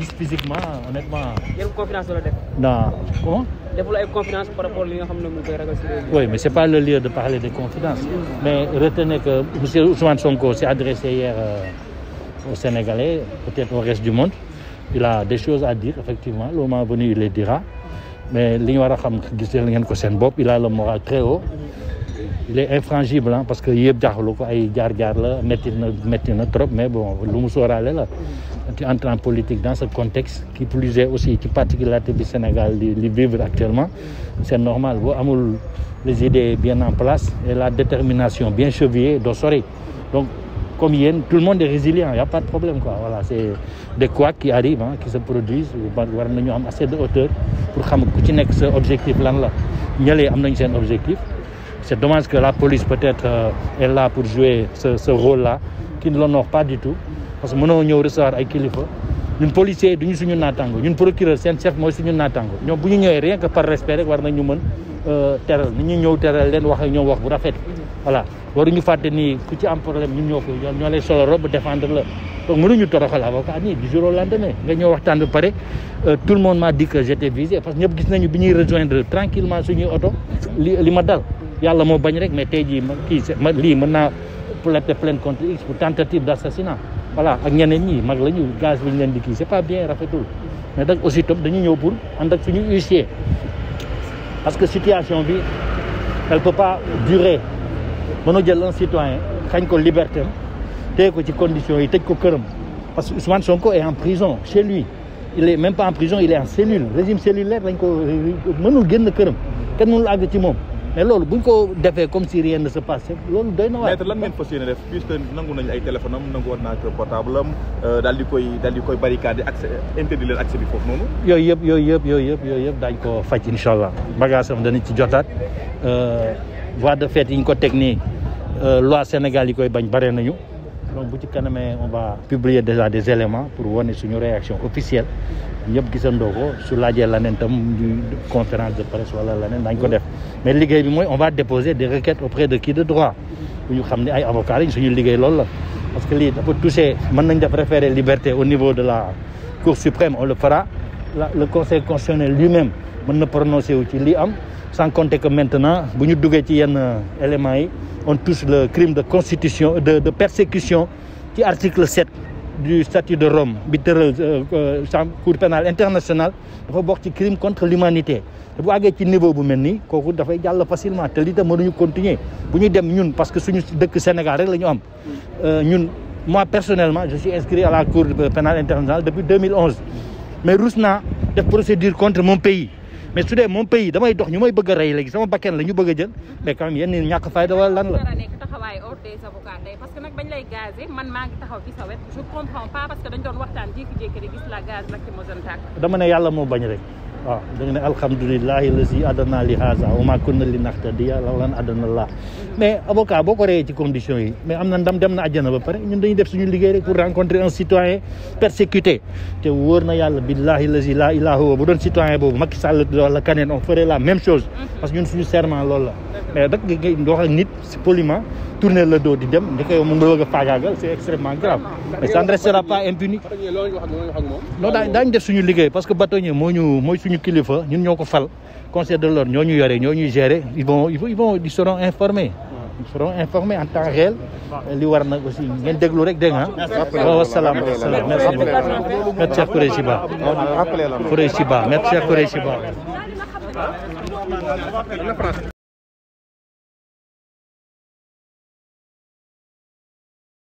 gis physiquement honnêtement. yéen confiance la def. non li nga xam ne mu koy ragal si oui mais c'est pas le lieu de parler de confidence. mais retenez que monsieur Ousmane s'est adressé hier euh, aux Sénégalais peut-être au reste du monde il a des choses à dire effectivement le moment venu il les dira mais li ñu war a xam gis ngeen ko seen bopp il a le moral très haut. il est infrangible parce que yëpp jaaxlu ko ay jaar-jaar la métti na métti na trop mais bon lu mu sóoraale la. entre en politique dans ce contexte qui plus est aussi ci particularité bi Sénégal li li vivre actuellement c'est normal boo amul les idées bien en place et la détermination bien chevillée doo sori donc comme yéen tout le monde est résilient y a pas de problème quoi voilà c'est des couacs qui arrivent hein, qui se produisent war nañu am assez de hauteur pour xam ku ci nekk sa objectif lan la ñëlee am nañ seen objectif c'est dommage que la police peut-être euh, est là pour jouer ce, ce rôle-là qui ne pas du tout parce que mënoo ñëw recevoir ay kilifa ñun policier du ñu suñu naataango ñun procureur seen chef mooy suñu naataango ñoom bu ñu ñëwee rien que par respect rek war nañu mën euh, teral ni ñu ñëw teral leen wax ak ñoom wax bu rafet voilà waruñu fàtte nii ku ci am problème ñun ñoo ñoo lay solo robe défendre la donc mënuñu toroxal avocat nii du jour au lendemain nga ñëw waxtaan ba pare euh, tout le monde m'a dit que j'étais visé parce que ñëpp porter plainte contre X pour tentative d'assassinat voilà ak ñeneen ñi mag la ñu bi ñu leen di kii c'est pas bien rafetul mais nag aussi top dañu ñëw pour ànd ak suñu huissier parce que situation bi elle peut pas durer mënoo jël un citoyen xañ ko liberté téye ko ci condition yi tëj ko këram parce que Ousmane Sonko est en prison chez lui il est même pas en prison il est en cellule régime cellulaire lañ ko euh, mënul génn këram kenn mënul àgg ci moom mais loolu bu ñu ko defee comme si rien ne se passait loolu doy na waar. maître lan ngeen fas yéene def puisque nangu nañu ay téléphone am nangu ordinateur portable am euh, di koy daal di koy barricade accès interdit leen accès bi foofu noonu. yooyu yëpp yooyu yëpp yooyu yëpp yooyu yëpp daañu ko faj incha allah bagage am danañ ci jotaat euh, voie de fait yi ñu ko teg nii euh, loi Sénégal yi koy bañ bare nañu. donc bu ci kanamee on va publier des éléments pour wane suñu réaction officielle ñëpp gisandoo ko su laajee leneen tam conférence de presse wala leneen dañ ko def mais liggéey bi mooy on va déposer des requêtes auprès de qui de droit bu ñu xam ne ay avocats lañ suñu liggéey loolu la parce que lii dafa touché mën nañ def référé liberté au niveau de la Cour suprême on le fera le conseil constitutionnel lui-même mën na prononcer wu ci li am sans compter que maintenant bu ñu duggee ci yenn euh, éléments yi on touche le crime de constitution de de persécution ci article 7 du statut de Rome bi tëral euh, euh, cour pénale internationale dafa bokk ci crime contre l'humanité te bu àggee ci niveau bu mel nii kooku dafay jàll facilement te lii tam mënuñu continuer bu ñu dem ñun parce que suñu dëkk Sénégal rek la ñu am ñun moi personnellement je suis inscrit à la cour pénale internationale depuis 2011 mais rus naa def procédure contre mon mais su dee moom pays damay dox ñu may bëgg a rey léegi sama bakkan la ñu bëgg a jël mais quand même yenn nit ñàkk fayda wala lan la. taxawaay hors des avocats ndey parce que nag bañ lay gazé man maa ngi taxaw ci sa wet je comprends pas parce que dañ doon waxtaan jékki-jékki rek gis la gaz lacrymogène tàkk dama ne yàlla moo bañ rek waaw da wa ma kunna li nahtadiya law lan adana llah mais avocat boo ko condition yi mais am na ndam na àjjana ba pare ñun dañuy def suñu liggéey rek pour rencontrer un citoyen persécuté te wóor na yàlla billahi lasi la ilaha wa bu doon citoyen boobu Macky Sall wala kaneen on ferait la même chose parce que ñun suñu serment loolu la mais rek ngay wax si poliment tourner le dos di dem ndi ko yow mu ngi bëgg a faagaagal c'est extrêmement grave mais ça ne restera pas impuni non daañu def suñu liggéey moo suñu kilifa ñun ñoo ko fal conseil de l'ordre ñoo ñu yore ñoo ñuy gérer ils vont ils vont ils seront en temps réel. li war nag aussi ngeen déglu rek dégg nga o waaw salaam salaam merci beaucoup. maître Cheikh Khoureyssi Ba. Khoureyssi Ba maître Cheikh Khoureyssi Ba.